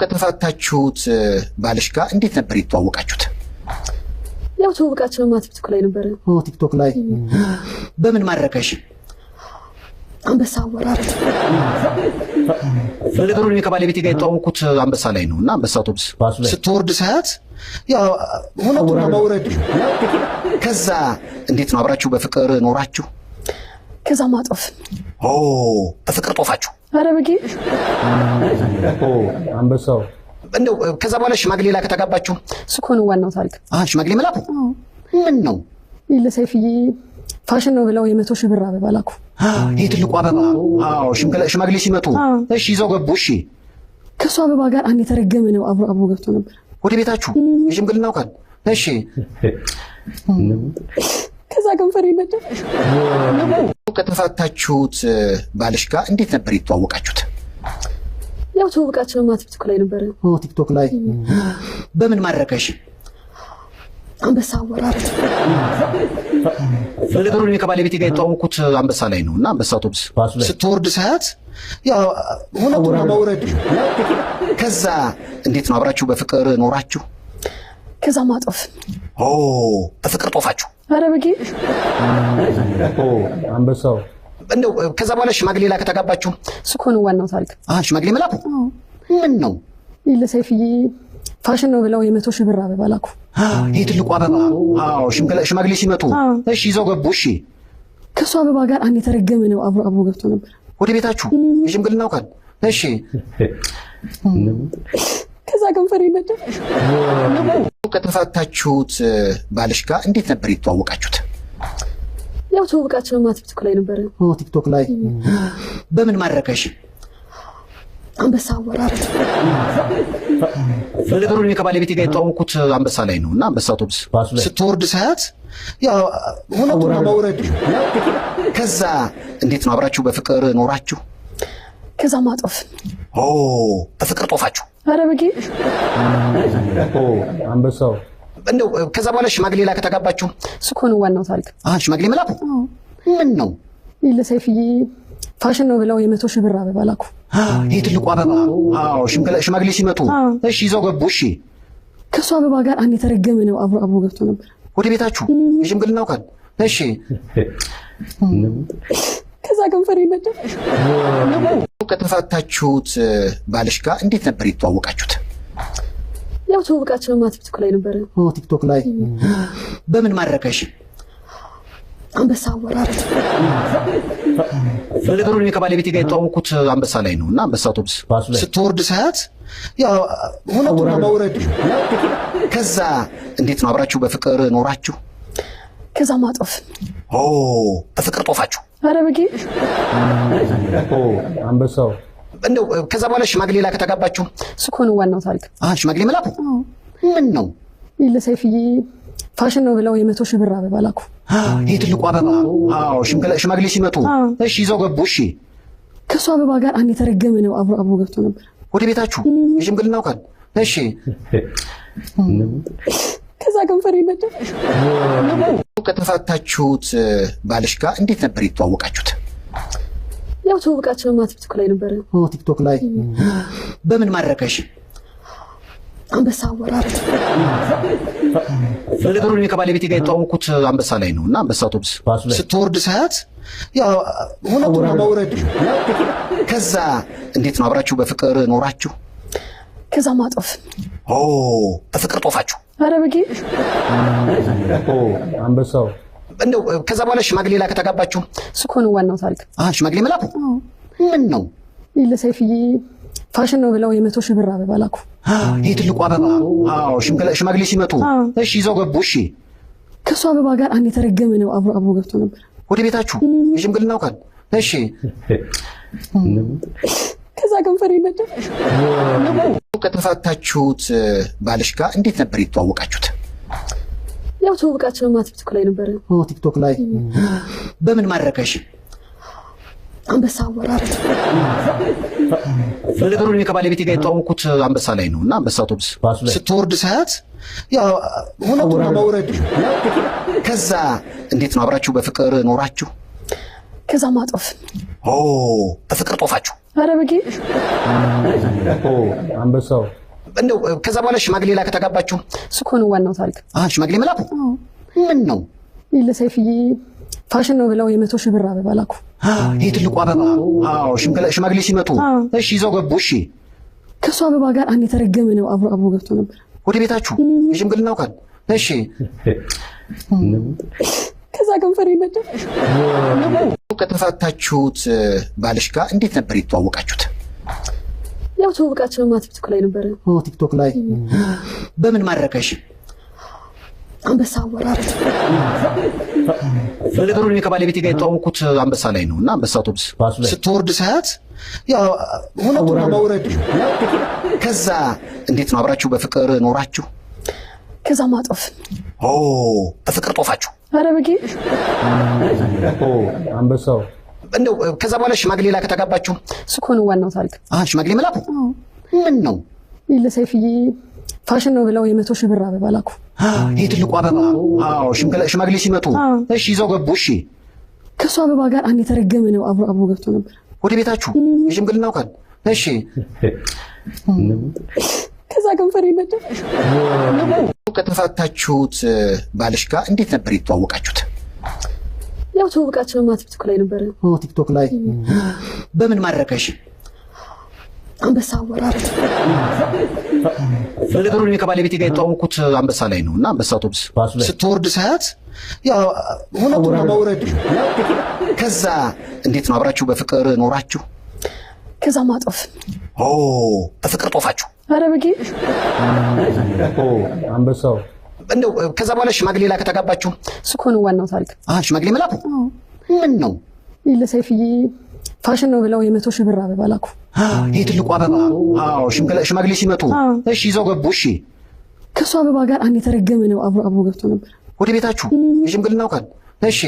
ከተፋታችሁት ባልሽ ጋር እንዴት ነበር የተዋወቃችሁት? ያው ተዋወቃችን ማ ቲክቶክ ላይ ነበረ። ቲክቶክ ላይ በምን ማረከሽ? አንበሳ አወራረድ። ለነገሩ እኔ ከባለቤቴ ጋር የተዋወቁት አንበሳ ላይ ነው እና አንበሳ አውቶቡስ ስትወርድ ሰዓት እውነቱ መውረድ። ከዛ እንዴት ነው አብራችሁ በፍቅር ኖራችሁ? ከዛ ማጦፍ በፍቅር ጦፋችሁ ኧረ አንበሳው እንደው ከዛ በኋላ ሽማግሌ ላከ ተጋባችሁ? እሱ እኮ ነው ዋናው ታሪክ። አዎ ሽማግሌ መላኩ ምን ነው ለሰይፍዬ ፋሽን ነው ብለው የመቶ ሺህ ብር አበባ ላኩ። ይሄ ትልቁ አበባ? አዎ ሽማግሌ ሲመጡ። እሺ ይዘው ገቡ። እሺ ከእሱ አበባ ጋር አንድ የተረገመ ነው አብሮ አብሮ ገብቶ ነበር ወደ ቤታችሁ የሽምግልናው ቃል። እሺ ከዛ ከንፈር ይመጣል። ከተፋታችሁት ባልሽ ጋር እንዴት ነበር የተዋወቃችሁት? ያው ቲክቶክ ላይ ነበረ። ቲክቶክ ላይ በምን ማድረከሽ? አንበሳ አወራረድ። ለነገሩ እኔ ከባለቤቴ ጋር የተዋወቅኩት አንበሳ ላይ ነው እና አንበሳ አውቶብስ ስትወርድ ሰዓት ሁለቱ መውረድ። ከዛ እንዴት ነው አብራችሁ በፍቅር ኖራችሁ? ከዛ ማጦፍ በፍቅር ጦፋችሁ ኧረ በጌት አንበሳው እንደው ከዛ በኋላ ሽማግሌ ላከ ተጋባችሁ? እሱ እኮ ነው ዋናው ታሪክ። ሽማግሌ መላኩ ምን ነው ለሰይፍዬ ፋሽን ነው ብለው የመቶ ሺህ ብር አበባ ላኩ። ይሄ ትልቁ አበባ። አዎ ሽማግሌ ሲመጡ እሺ ይዘው ገቡ። እሺ ከእሱ አበባ ጋር አንድ የተረገመ ነው አብሮ አብሮ ገብቶ ነበር ወደ ቤታችሁ የሽምግልናው ቀን። እሺ ከዛ ከንፈር ይመጣል። ከተፋታችሁት ባልሽ ጋር እንዴት ነበር የተዋወቃችሁት? ያው ተዋወቃችን ማ ቲክቶክ ላይ ነበረ። ቲክቶክ ላይ በምን ማድረከሽ? አንበሳ አወራረድ። ለነገሩ እኔ ከባለቤቴ ጋር የተዋወቅኩት አንበሳ ላይ ነው እና አንበሳ አውቶቡስ ስትወርድ ሳያት ሁለቱን ማውረድ። ከዛ እንዴት ነው አብራችሁ በፍቅር ኖራችሁ? ከዛ ማጦፍ። በፍቅር ጦፋችሁ ኧረ በጌ አንበሳው እንደው ከዛ በኋላ ሽማግሌ ላከ ተጋባችሁ? እሱ እኮ ነው ዋናው ታሪክ። አዎ ሽማግሌ መላኩ ምን ነው ለሰይፍዬ ፋሽን ነው ብለው የመቶ ሺህ ብር አበባ ላኩ። ይሄ ትልቁ አበባ። ሽማግሌ ሲመጡ እሺ ይዘው ገቡ። እሺ ከእሱ አበባ ጋር አንድ የተረገመ ነው አብሮ አብሮ ገብቶ ነበር ወደ ቤታችሁ የሽምግልናው ቀን። እሺ ከዛ ከንፈር ይመደብ ከተፋታችሁት ባልሽ ጋር እንዴት ነበር የተዋወቃችሁት? ያው ተዋወቃችን ማ ቲክቶክ ላይ ነበረ። ቲክቶክ ላይ በምን ማድረገሽ? አንበሳ አወራረት። ለነገሩ እኔ ከባለቤቴ ጋር የተዋወቁት አንበሳ ላይ ነው እና አንበሳ አውቶቡስ ስትወርድ ሰዓት ሁነቱ መውረድ። ከዛ እንዴት ነው አብራችሁ በፍቅር ኖራችሁ? ከዛ ማጦፍ በፍቅር ጦፋችሁ ኧረ አንበሳው እንደው ከዛ በኋላ ሽማግሌ ላከ ተጋባችሁ? እሱ እኮ ነው ዋናው ታሪክ። ሽማግሌ መላኩ ምን ነው ለሰይፍዬ ፋሽን ነው ብለው የመቶ ሺህ ብር አበባ ላኩ። ይሄ ትልቁ አበባ? ሽማግሌ ሲመጡ። እሺ ይዘው ገቡ። እሺ ከእሱ አበባ ጋር አንድ የተረገመ ነው አብሮ አብሮ ገብቶ ነበር ወደ ቤታችሁ የሽምግልናው ቃል። እሺ ከዛ ከንፈር ይመደብ ከተፋታችሁት ባልሽ ጋር እንዴት ነበር የተዋወቃችሁት? ያው ተዋወቃችን ማ ቲክቶክ ላይ ነበረ። ቲክቶክ ላይ በምን ማድረከሽ? አንበሳ አወራረድ። ለነገሩ እኔ ከባለቤቴ ጋር የተዋወቅኩት አንበሳ ላይ ነው እና አንበሳ አውቶብስ ስትወርድ ሰዓት እውነቱን ነው መውረድ። ከዛ እንዴት ነው አብራችሁ በፍቅር ኖራችሁ? ከዛ ማጦፍ በፍቅር ጦፋችሁ ኧረ በጌት አንበሳው እንደው ከዛ በኋላ ሽማግሌ ላከ ተጋባችሁ? እሱ እኮ ነው ዋናው ታሪክ። አህ ሽማግሌ መላኩ ምን ነው ለሰይፍዬ ፋሽን ነው ብለው የመቶ ሺህ ብር አበባ ላኩ። ይሄ ትልቁ አበባ። አዎ ሽማግሌ ሲመጡ እሺ ይዘው ገቡ። እሺ ከእሱ አበባ ጋር አንድ የተረገመ ነው አብሮ አብሮ ገብቶ ነበር ወደ ቤታችሁ የሽምግልናው ቀን። እሺ ከዛ ከንፈር ይመጣ። ከተፋታችሁት ባልሽ ጋር እንዴት ነበር የተዋወቃችሁት? ያው ተዋወቃችን ማታ ቲክቶክ ላይ ነበረ። ቲክቶክ ላይ በምን ማድረገሽ? አንበሳ አወራረድ። ለነገሩ እኔ ከባለቤቴ ጋር የተዋወቅኩት አንበሳ ላይ ነው እና አንበሳ አውቶቡስ ስትወርድ ሰዓት ሁለቱን መውረድ። ከዛ እንዴት ነው አብራችሁ በፍቅር ኖራችሁ? ከዛ ማጦፍ በፍቅር ጦፋችሁ አረበጌ አንበሳው እንደው ከዛ በኋላ ሽማግሌ ላከ ተጋባችሁ? እሱ እኮ ነው ዋናው ታሪክ። ሽማግሌ መላኩ ምን ነው ለሰይፍዬ ፋሽን ነው ብለው የመቶ ሺህ ብር አበባ ላኩ። ይሄ ትልቁ አበባ። ሽማግሌ ሲመጡ እሺ ይዘው ገቡ። እሺ ከእሱ አበባ ጋር አንድ የተረገመ ነው አብሮ አብሮ ገብቶ ነበር ወደ ቤታችሁ የሽምግልና አውቃል። እሺ ከዛ ከንፈር ይመጣ ከተፋታችሁት ባልሽ ጋር እንዴት ነበር የተዋወቃችሁት? ያው ተዋወቃችን ማ ቲክቶክ ላይ ነበረ። ቲክቶክ ላይ በምን ማረከሽ? አንበሳ አወራረት። ለነገሩ እኔ ከባለቤቴ ጋር የተዋወቁት አንበሳ ላይ ነው እና አንበሳ አውቶብስ ስትወርድ ሰዓት ሁለቱ መውረድ። ከዛ እንዴት ነው አብራችሁ በፍቅር ኖራችሁ? ከዛ ማጦፍ በፍቅር ጦፋችሁ አረብጌ አንበሳው እንደው ከዛ በኋላ ሽማግሌ ላከ ተጋባችሁ? ነው ዋናው ታሪክ ሽማግሌ መላኩ ምን ነው ለሰይፍዬ ፋሽን ነው ብለው የመቶ ሺህ ብር አበባ ላኩ። ይሄ ትልቁ አበባ። ሽማግሌ ሲመጡ እሺ ይዘው ገቡ። እሺ ከሱ አበባ ጋር አንድ የተረገመ ነው አብሮ አብሮ ገብቶ ነበር ወደ ቤታችሁ የሽምግልናው ቀን። እሺ ከዛ ከንፈር ይመደብ ከተፋታችሁት ባልሽ ጋር እንዴት ነበር የተዋወቃችሁት? ያው ተዋወቃችን ማ ቲክቶክ ላይ ነበረ። ቲክቶክ ላይ በምን ማድረከሽ? አንበሳ አወራረት ለነገሩ እኔ ከባለቤቴ ጋር የተዋወቅኩት አንበሳ ላይ ነው። እና አንበሳ አውቶብስ ስትወርድ ሳያት እውነቱ መውረድ። ከዛ እንዴት ነው አብራችሁ በፍቅር ኖራችሁ? ከዛ ማጦፍ በፍቅር ጦፋችሁ ኧረ በጌት አንበሳው እንደው ከዛ በኋላ ሽማግሌ ላከ ተጋባችሁ? እሱ እኮ ነው ዋናው ታሪክ። አሃ ሽማግሌ መላኩ ምን ነው ለሰይፍዬ ፋሽን ነው ብለው የመቶ ሺህ ብር አበባ ላኩ። ይሄ ትልቁ አበባ። አዎ ሽማግሌ ሲመጡ እሺ ይዘው ገቡ። እሺ ከእሱ አበባ ጋር አንድ የተረገመ ነው አብሮ አብሮ ገብቶ ነበር ወደ ቤታችሁ የሽምግልናው ቀን። እሺ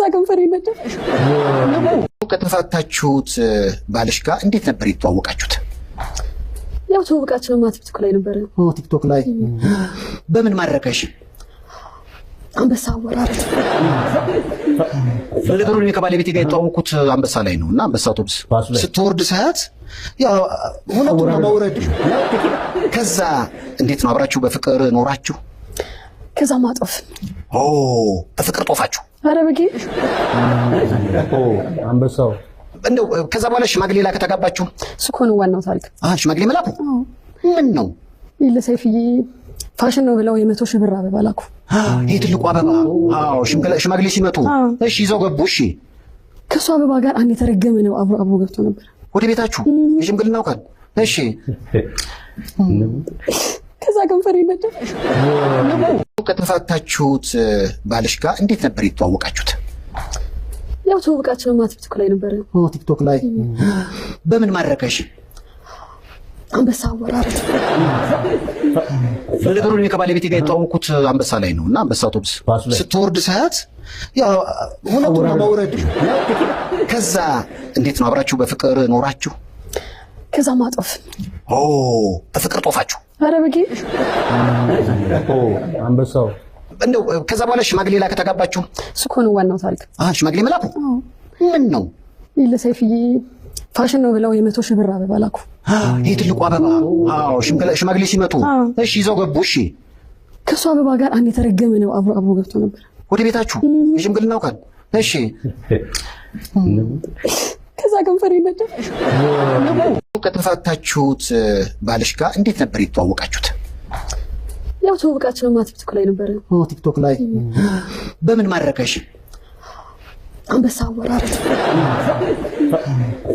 ከዛ ከንፈር ይመደብ። ከተፋታችሁት ባልሽ ጋር እንዴት ነበር የተዋወቃችሁት? ያው ተዋወቃችን ማታ ቲክቶክ ላይ ነበረ። ቲክቶክ ላይ በምን ማድረከሽ? አንበሳ አወራረድ። ለነገሩ እኔ ከባለቤቴ ጋር የተዋወቁት አንበሳ ላይ ነው እና አንበሳ አውቶቡስ ስትወርድ ሰዓት ሁለቱን ማውረድ። ከዛ እንዴት ነው አብራችሁ በፍቅር ኖራችሁ? ከዛ ማጦፍ። በፍቅር ጦፋችሁ አረበጌ አንበሳው እንደው ከዛ በኋላ ሽማግሌ ላከ። ተጋባችሁ? እሱ እኮ ነው ዋናው ታሪክ። ሽማግሌ መላኩ ምን ነው ለሰይፍዬ ፋሽን ነው ብለው የመቶ ሺህ ብር አበባ ላኩ። ይሄ ትልቁ አበባ። ሽማግሌ ሲመጡ እሺ ይዘው ገቡ። እሺ ከእሱ አበባ ጋር አንድ የተረገመ ነው አብሮ አብሮ ገብቶ ነበር ወደ ቤታችሁ የሽምግልናው ቀን። እሺ ከዛ ከንፈር ይመጣል። ከተፋታችሁት ባልሽ ጋር እንዴት ነበር የተዋወቃችሁት? ያው ተዋወቃችን ማ ቲክቶክ ላይ ነበረ። ቲክቶክ ላይ በምን ማድረገሽ? አንበሳ አወራረት። ለነገሩ እኔ ከባለቤቴ ጋር የተዋወቁት አንበሳ ላይ ነው እና አንበሳ አውቶቡስ ስትወርድ ሰዓት እውነቱ ነው መውረድ። ከዛ እንዴት ነው አብራችሁ በፍቅር ኖራችሁ? ከዛ ማጦፍ በፍቅር ጦፋችሁ ኧረ አንበሳው እንደው ከዛ በኋላ ሽማግሌ ላከ ተጋባችሁ? እሱ እኮ ነው ዋናው ታሪክ። አዎ ሽማግሌ መላኩ ምን ነው ለሰይፍዬ ፋሽን ነው ብለው የመቶ ሺህ ብር አበባ ላኩ። ይሄ ትልቁ አበባ? አዎ ሽማግሌ ሲመጡ። እሺ ይዘው ገቡ። እሺ ከእሱ አበባ ጋር አንድ የተረገመ ነው አብሮ አብሮ ገብቶ ነበር ወደ ቤታችሁ የሽምግልና ውቃል። እሺ ከዛ ገንፈሬ ነበር ከተፋታችሁት ባልሽ ጋር እንዴት ነበር የተዋወቃችሁት? ያው ተዋወቃችን ማ ቲክቶክ ላይ ነበረ። ቲክቶክ ላይ በምን ማድረገሽ? አንበሳ አወራረድ።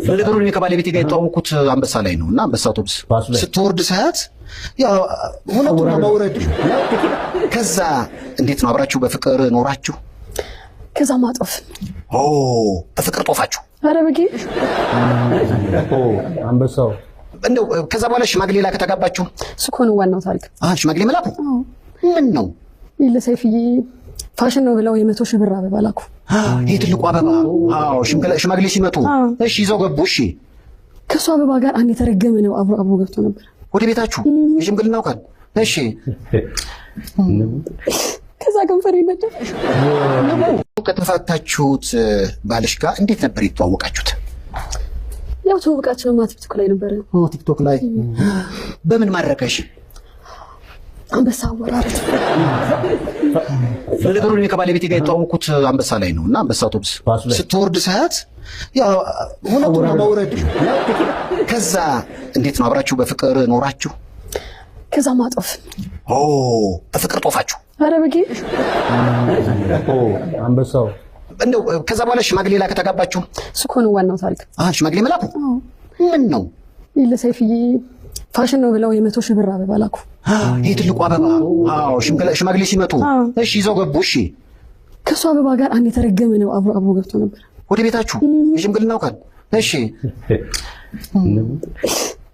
ለነገሩ እኔ ከባለቤቴ ጋር የተዋወቅኩት አንበሳ ላይ ነው እና አንበሳ አውቶብስ ስትወርድ ሰዓት እውነቱ መውረድ። ከዛ እንዴት ነው አብራችሁ በፍቅር ኖራችሁ? ከዛ ማጦፍ በፍቅር ጦፋችሁ ኧረ አንበሳው እንደው ከዛ በኋላ ሽማግሌ ላከ ተጋባችሁ? እሱ ዋናው ታሪክ። አህ ሽማግሌ መላኩ ምን ነው ለሰይፍዬ ፋሽን ነው ብለው የመቶ ሺህ ብር አበባ ላኩ። ይሄ ትልቁ አበባ። አዎ ሽማግሌ ሲመጡ እሺ ይዘው ገቡ። እሺ ከእሱ አበባ ጋር አንድ የተረገመ ነው አብሮ አብሮ ገብቶ ነበር ወደ ቤታችሁ የሽምግልናው ቀን። እሺ ከንፈር ይመጣል። ከተፋታችሁት ባልሽ ጋር እንዴት ነበር የተዋወቃችሁት? ያው ተዋወቃችን ማታ ቲክቶክ ላይ ነበረ። ቲክቶክ ላይ በምን ማድረከሽ? አንበሳ አወራረድ። ለነገሩ እኔ ከባለቤቴ ጋር የተዋወቅኩት አንበሳ ላይ ነው እና አንበሳ አውቶቡስ ስትወርድ ሰዓት ሁለቱን ማውረድ። ከዛ እንዴት ነው አብራችሁ በፍቅር ኖራችሁ? ከዛ ማጦፍ። ፍቅር ጦፋችሁ አረበጌ አንበሳው እንደው ከዛ በኋላ ሽማግሌ ላከ። ተጋባችሁ? እሱ እኮ ነው ዋናው ታሪክ። ሽማግሌ መላኩ ምን ነው ለሰይፍዬ ፋሽን ነው ብለው የመቶ ሺህ ብር አበባ ላኩ። ይሄ ትልቁ አበባ። ሽማግሌ ሲመጡ እሺ ይዘው ገቡ። እሺ ከእሱ አበባ ጋር አንድ የተረገመ ነው አብሮ አብሮ ገብቶ ነበር ወደ ቤታችሁ የሽምግልና አውቃል። እሺ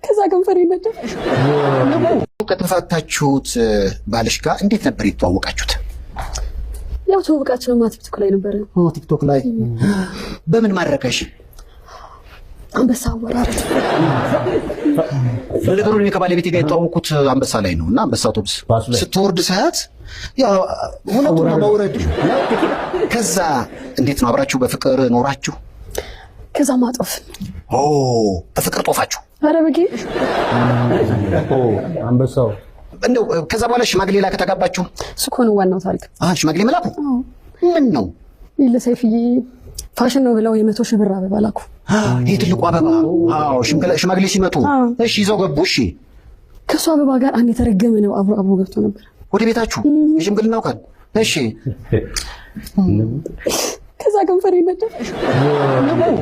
ከዛ ከንፈር ይመደብ ከተፋታችሁት ባልሽ ጋር እንዴት ነበር የተዋወቃችሁት? ያው ተዋወቃችን ማ ቲክቶክ ላይ ነበረ። ቲክቶክ ላይ በምን ማረከሽ? አንበሳ አወራረት። ለነገሩ እኔ ከባለቤቴ ጋር የተዋወቁት አንበሳ ላይ ነው እና አንበሳ አውቶቡስ ስትወርድ ሰዓት ሁለቱ መውረድ። ከዛ እንዴት ነው አብራችሁ በፍቅር ኖራችሁ? ከዛ ማጦፍ በፍቅር ጦፋችሁ ኧረ ብጌ አንበሳው እንደው ከዛ በኋላ ሽማግሌ ላከ ተጋባችሁ? እሱ እኮ ነው ዋናው ታሪክ። አዎ ሽማግሌ መላኩ ምን ነው ይለ ለሰይፍዬ ፋሽን ነው ብለው የመቶ ሺህ ብር አበባ ላኩ። ይሄ ትልቁ አበባ። አዎ ሽማግሌ ሲመጡ እሺ ይዘው ገቡ። እሺ ከእሱ አበባ ጋር አንድ የተረገመ ነው አብሮ አብሮ ገብቶ ነበር ወደ ቤታችሁ የሽምግልናው ቃል። እሺ ከዛ ገንፈሬ ይመጣል